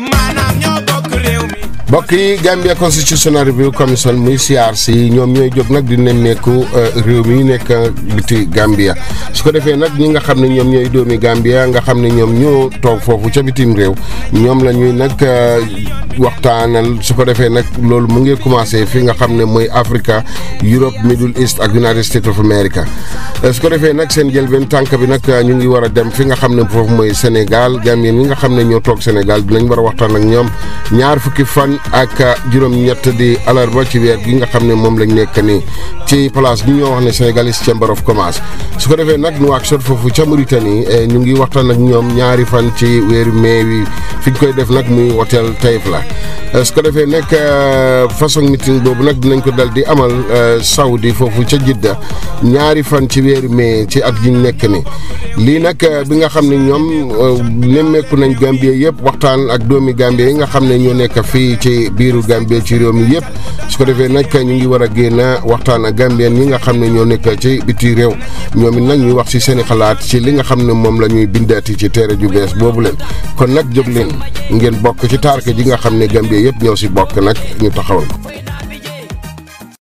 maanaam ñoo a réew mi mbokk yi Gambia Constitutional Review Commission muy CRC ñoom ñooy jóg nag di nemmeeku euh, réew mi nekk biti Gambia su ko defee nag ñi nga xam ne ñoom ñooy doomi Gambia nga xam ne ñoom ñoo toog foofu ca bitim réew ñoom la ñuy nag euh, waxtaanal su ko defee nag loolu mu ngee commencé fi nga xam ne mooy Africa Europe Middle East ak United States of America su ko defee nag seen jëlbeen tànk bi nag ñu ngi war a dem fi nga xam ne foofu mooy Sénégal Gambien ñi nga xam ne ñoo toog Sénégal dinañ war a waxtaan ak ñoom ak juróom-ñett di alarba ci weer gi nga xam ne moom lañ nekk ni ci place bi ñoo wax ne Sénégalais Chamber of su ko defee nag Nouakchott foofu ca Mauritanie eh, ñu ngi waxtaan ak ñoom ñaari fan ci weeru mai fi ñu koy def nag muy hôtel Taïf la eh, su defee nag eh, façon meeting boobu nag dinañ ko dal di amal Saudi foofu ca Jidda ñaari fan ci weeru ci at gi ñu nekk ni lii nag bi nga xam ne ñoom nemmeeku nañ Gambie yëpp waxtaan ak doomi Gambie yi nga xam ne ñoo nekk fii ci ci biiru Gambie ci réew mi yëpp su ko defee nag ñu ngi war a génna waxtaan ak Gambien ñi nga xam ne ñoo nekk ci biti réew ñoom it nag ñu wax ci seen i xalaat ci li nga xam ne moom la ñuy bindaati ci téere ju bees boobu leen kon nag jóg leen ngeen bokk ci taarke ji nga xam ne Gambie yëpp ñoo si bokk nag ñu taxawal ko